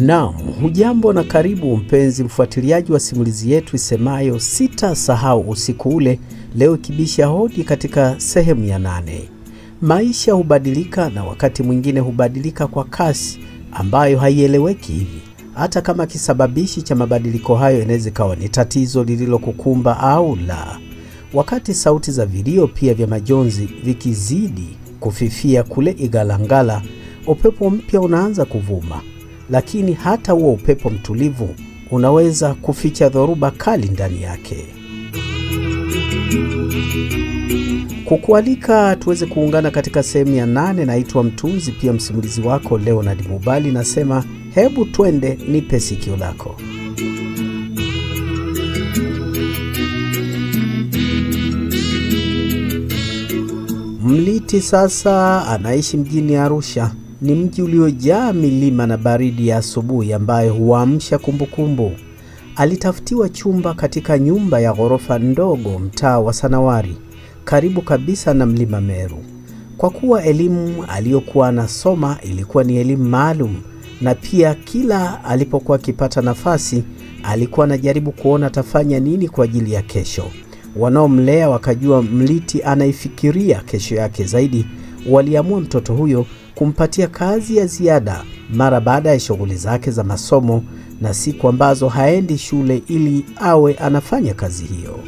Naam, hujambo na karibu mpenzi mfuatiliaji wa simulizi yetu isemayo Sitasahau Usiku Ule, leo ikibisha hodi katika sehemu ya nane. Maisha hubadilika na wakati mwingine hubadilika kwa kasi ambayo haieleweki hivi hata kama kisababishi cha mabadiliko hayo inaweza ikawa ni tatizo lililokukumba au la. Wakati sauti za vilio pia vya majonzi vikizidi kufifia kule Igalangala, upepo mpya unaanza kuvuma, lakini hata huo upepo mtulivu unaweza kuficha dhoruba kali ndani yake. Kukualika tuweze kuungana katika sehemu ya nane. Naitwa mtunzi pia msimulizi wako Leonard Mubali, nasema hebu twende, nipe sikio lako. Mliti sasa anaishi mjini Arusha. Ni mji uliojaa milima na baridi ya asubuhi ambayo huamsha kumbukumbu. Alitafutiwa chumba katika nyumba ya ghorofa ndogo, mtaa wa Sanawari, karibu kabisa na mlima Meru. Kwa kuwa elimu aliyokuwa anasoma ilikuwa ni elimu maalum, na pia kila alipokuwa akipata nafasi alikuwa anajaribu kuona atafanya nini kwa ajili ya kesho. Wanaomlea wakajua Mliti anaifikiria kesho yake zaidi, waliamua mtoto huyo kumpatia kazi ya ziada mara baada ya shughuli zake za masomo na siku ambazo haendi shule ili awe anafanya kazi hiyo.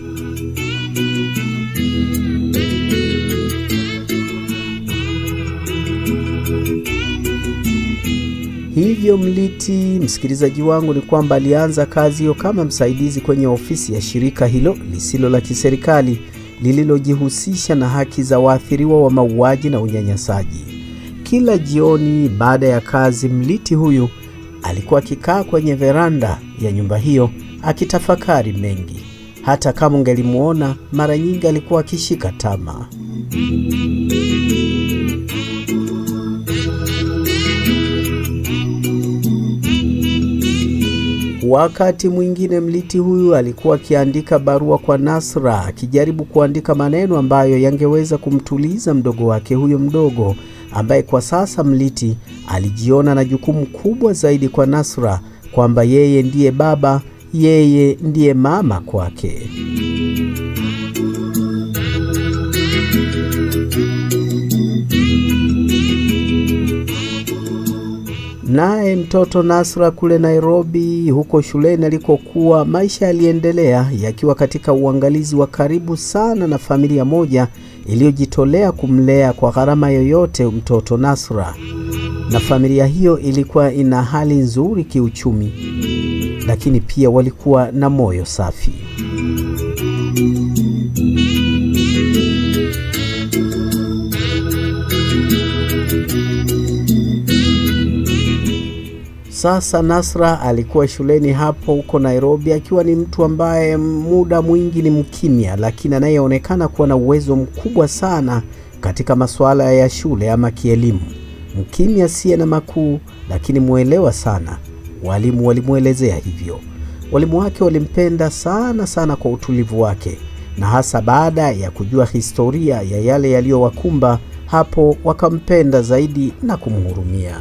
Hivyo Mliti, msikilizaji wangu, ni kwamba alianza kazi hiyo kama msaidizi kwenye ofisi ya shirika hilo lisilo la kiserikali lililojihusisha na haki za waathiriwa wa mauaji na unyanyasaji. Kila jioni baada ya kazi, Mliti huyu alikuwa akikaa kwenye veranda ya nyumba hiyo akitafakari mengi. Hata kama ungelimwona mara nyingi alikuwa akishika tama. Wakati mwingine mliti huyu alikuwa akiandika barua kwa Nasra, akijaribu kuandika maneno ambayo yangeweza kumtuliza mdogo wake huyo mdogo, ambaye kwa sasa mliti alijiona na jukumu kubwa zaidi kwa Nasra, kwamba yeye ndiye baba, yeye ndiye mama kwake. Naye mtoto Nasra kule Nairobi huko shuleni alikokuwa, maisha yaliendelea yakiwa katika uangalizi wa karibu sana na familia moja iliyojitolea kumlea kwa gharama yoyote mtoto Nasra, na familia hiyo ilikuwa ina hali nzuri kiuchumi, lakini pia walikuwa na moyo safi. Sasa Nasra alikuwa shuleni hapo huko Nairobi, akiwa ni mtu ambaye muda mwingi ni mkimya, lakini anayeonekana kuwa na uwezo mkubwa sana katika masuala ya shule ama kielimu. Mkimya siye na makuu, lakini mwelewa sana. Walimu walimwelezea hivyo. Walimu wake walimpenda sana sana kwa utulivu wake, na hasa baada ya kujua historia ya yale yaliyowakumba hapo, wakampenda zaidi na kumhurumia.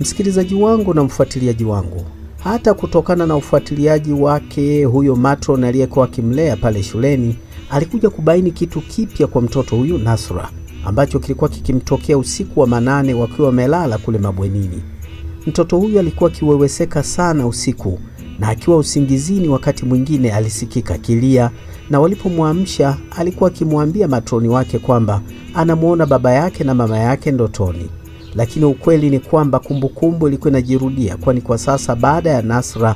msikilizaji wangu na mfuatiliaji wangu. Hata kutokana na ufuatiliaji wake huyo matron aliyekuwa akimlea pale shuleni, alikuja kubaini kitu kipya kwa mtoto huyu Nasra ambacho kilikuwa kikimtokea usiku wa manane wakiwa wamelala kule mabwenini. Mtoto huyu alikuwa akiweweseka sana usiku na akiwa usingizini, wakati mwingine alisikika kilia, na walipomwamsha alikuwa akimwambia matroni wake kwamba anamwona baba yake na mama yake ndotoni lakini ukweli ni kwamba kumbukumbu ilikuwa inajirudia, kwani kwa sasa baada ya Nasra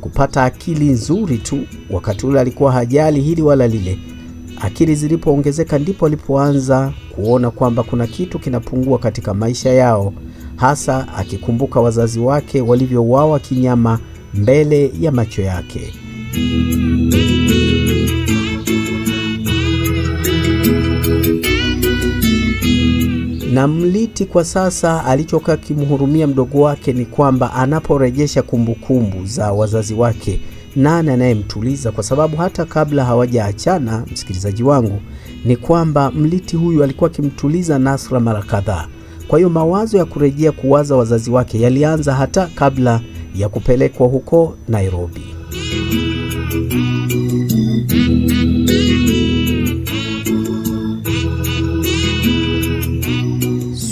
kupata akili nzuri tu, wakati ule alikuwa hajali hili wala lile. Akili zilipoongezeka ndipo alipoanza kuona kwamba kuna kitu kinapungua katika maisha yao, hasa akikumbuka wazazi wake walivyouawa kinyama mbele ya macho yake. na Mliti kwa sasa alichokaa kimhurumia mdogo wake ni kwamba anaporejesha kumbukumbu za wazazi wake, nani anayemtuliza? Kwa sababu hata kabla hawajaachana, msikilizaji wangu, ni kwamba Mliti huyu alikuwa akimtuliza Nasra mara kadhaa. Kwa hiyo mawazo ya kurejea kuwaza wazazi wake yalianza hata kabla ya kupelekwa huko Nairobi.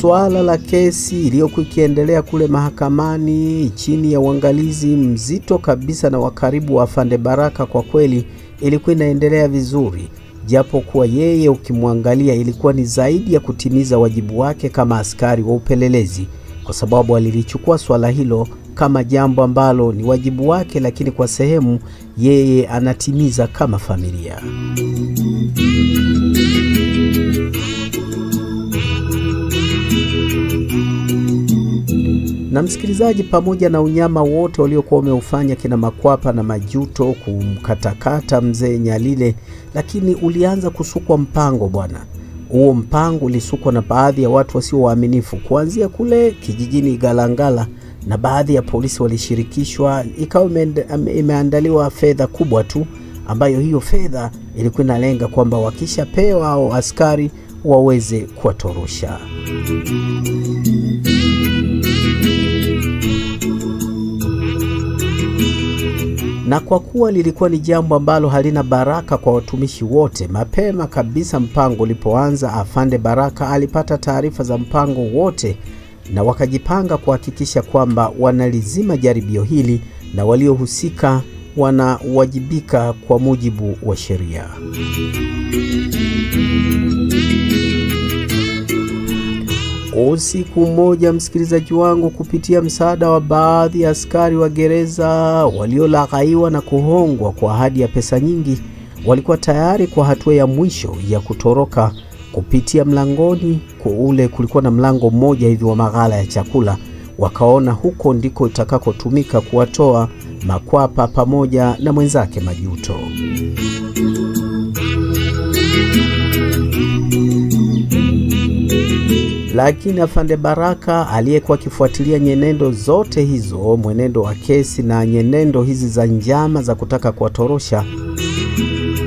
suala la kesi iliyokuwa ikiendelea kule mahakamani chini ya uangalizi mzito kabisa na wakaribu wa Afande Baraka, kwa kweli ilikuwa inaendelea vizuri, japo kuwa yeye ukimwangalia ilikuwa ni zaidi ya kutimiza wajibu wake kama askari wa upelelezi, kwa sababu alilichukua suala hilo kama jambo ambalo ni wajibu wake, lakini kwa sehemu yeye anatimiza kama familia Na msikilizaji, pamoja na unyama wote waliokuwa wameufanya kina Makwapa na Majuto kumkatakata mzee Nyalile, lakini ulianza kusukwa mpango bwana. Huo mpango ulisukwa na baadhi ya watu wasio waaminifu kuanzia kule kijijini Galangala, na baadhi ya polisi walishirikishwa. Ikawa imeandaliwa fedha kubwa tu, ambayo hiyo fedha ilikuwa inalenga kwamba wakishapewa au askari waweze kuwatorosha. na kwa kuwa lilikuwa ni jambo ambalo halina baraka kwa watumishi wote, mapema kabisa mpango ulipoanza, Afande Baraka alipata taarifa za mpango wote na wakajipanga kuhakikisha kwamba wanalizima jaribio hili na waliohusika wanawajibika kwa mujibu wa sheria. Usiku mmoja, msikilizaji wangu, kupitia msaada wa baadhi ya askari wa gereza waliolaghaiwa na kuhongwa kwa ahadi ya pesa nyingi, walikuwa tayari kwa hatua ya mwisho ya kutoroka kupitia mlangoni ule Kulikuwa na mlango mmoja hivi wa maghala ya chakula, wakaona huko ndiko itakakotumika kuwatoa Makwapa pamoja na mwenzake Majuto. Lakini afande Baraka aliyekuwa akifuatilia nyenendo zote hizo, mwenendo wa kesi na nyenendo hizi za njama za kutaka kuwatorosha,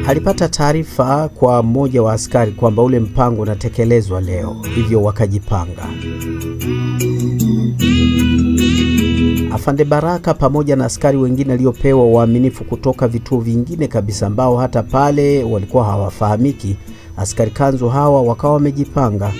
alipata taarifa kwa mmoja wa askari kwamba ule mpango unatekelezwa leo, hivyo wakajipanga. Afande Baraka pamoja na askari wengine aliopewa waaminifu kutoka vituo vingine kabisa, ambao hata pale walikuwa hawafahamiki. Askari kanzu hawa wakawa wamejipanga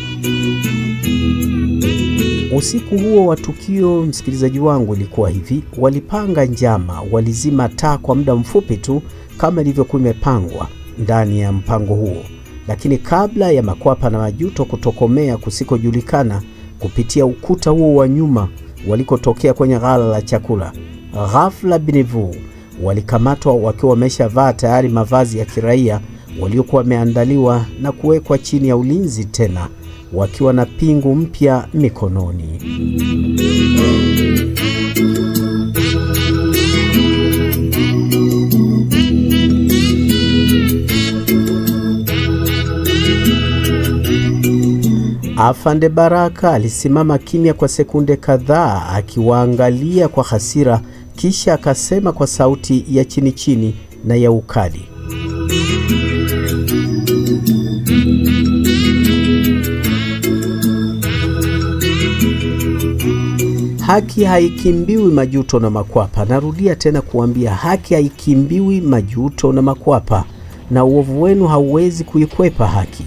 Usiku huo wa tukio, msikilizaji wangu, ilikuwa hivi: walipanga njama, walizima taa kwa muda mfupi tu kama ilivyokuwa imepangwa ndani ya mpango huo, lakini kabla ya makwapa na majuto kutokomea kusikojulikana kupitia ukuta huo wa nyuma walikotokea kwenye ghala la chakula, ghafla binivu walikamatwa wakiwa wameshavaa tayari mavazi ya kiraia waliokuwa wameandaliwa na kuwekwa chini ya ulinzi tena wakiwa na pingu mpya mikononi. Afande Baraka alisimama kimya kwa sekunde kadhaa akiwaangalia kwa hasira, kisha akasema kwa sauti ya chini chini na ya ukali, Haki haikimbiwi majuto na makwapa. Narudia tena kuambia, haki haikimbiwi majuto na makwapa, na uovu wenu hauwezi kuikwepa haki.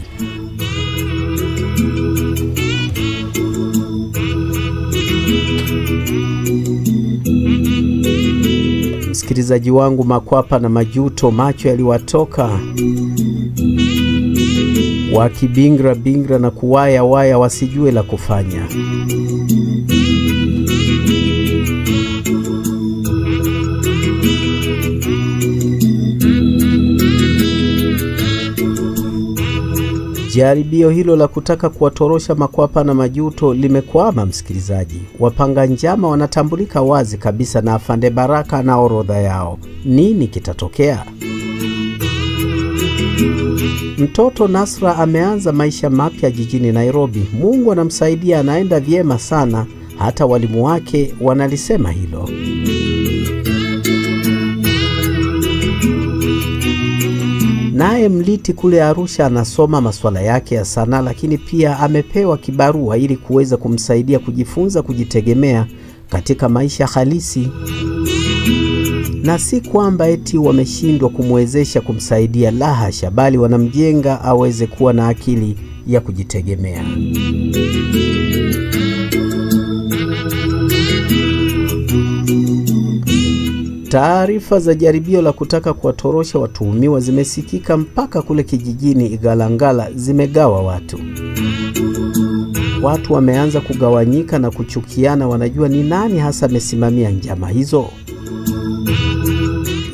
Msikilizaji wangu, makwapa na majuto, macho yaliwatoka wakibingra bingra na kuwaya waya, wasijue la kufanya. Jaribio hilo la kutaka kuwatorosha Makwapa na Majuto limekwama, msikilizaji. Wapanga njama wanatambulika wazi kabisa na Afande Baraka na orodha yao. Nini kitatokea? Mtoto Nasra ameanza maisha mapya jijini Nairobi. Mungu anamsaidia, anaenda vyema sana, hata walimu wake wanalisema hilo. Naye Mliti kule Arusha anasoma masuala yake ya sanaa, lakini pia amepewa kibarua ili kuweza kumsaidia kujifunza kujitegemea katika maisha halisi, na si kwamba eti wameshindwa kumwezesha kumsaidia, la hasha, bali wanamjenga aweze kuwa na akili ya kujitegemea. Taarifa za jaribio la kutaka kuwatorosha watuhumiwa zimesikika mpaka kule kijijini Igalangala, zimegawa watu. Watu wameanza kugawanyika na kuchukiana, wanajua ni nani hasa amesimamia njama hizo.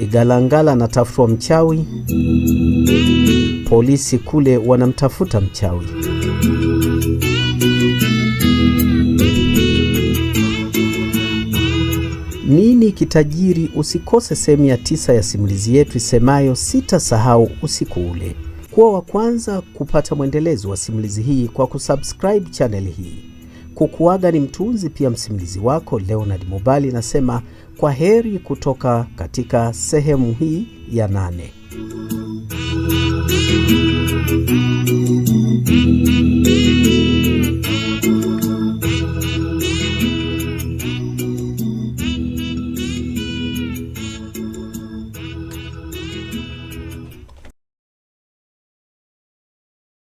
Igalangala anatafutwa mchawi, polisi kule wanamtafuta mchawi. Kipindi kitajiri, usikose sehemu ya tisa ya simulizi yetu isemayo Sitasahau Usiku Ule. Kuwa wa kwanza kupata mwendelezo wa simulizi hii kwa kusubscribe chaneli hii. Kukuaga ni mtunzi pia msimulizi wako Leonard Mobali, nasema kwa heri kutoka katika sehemu hii ya nane.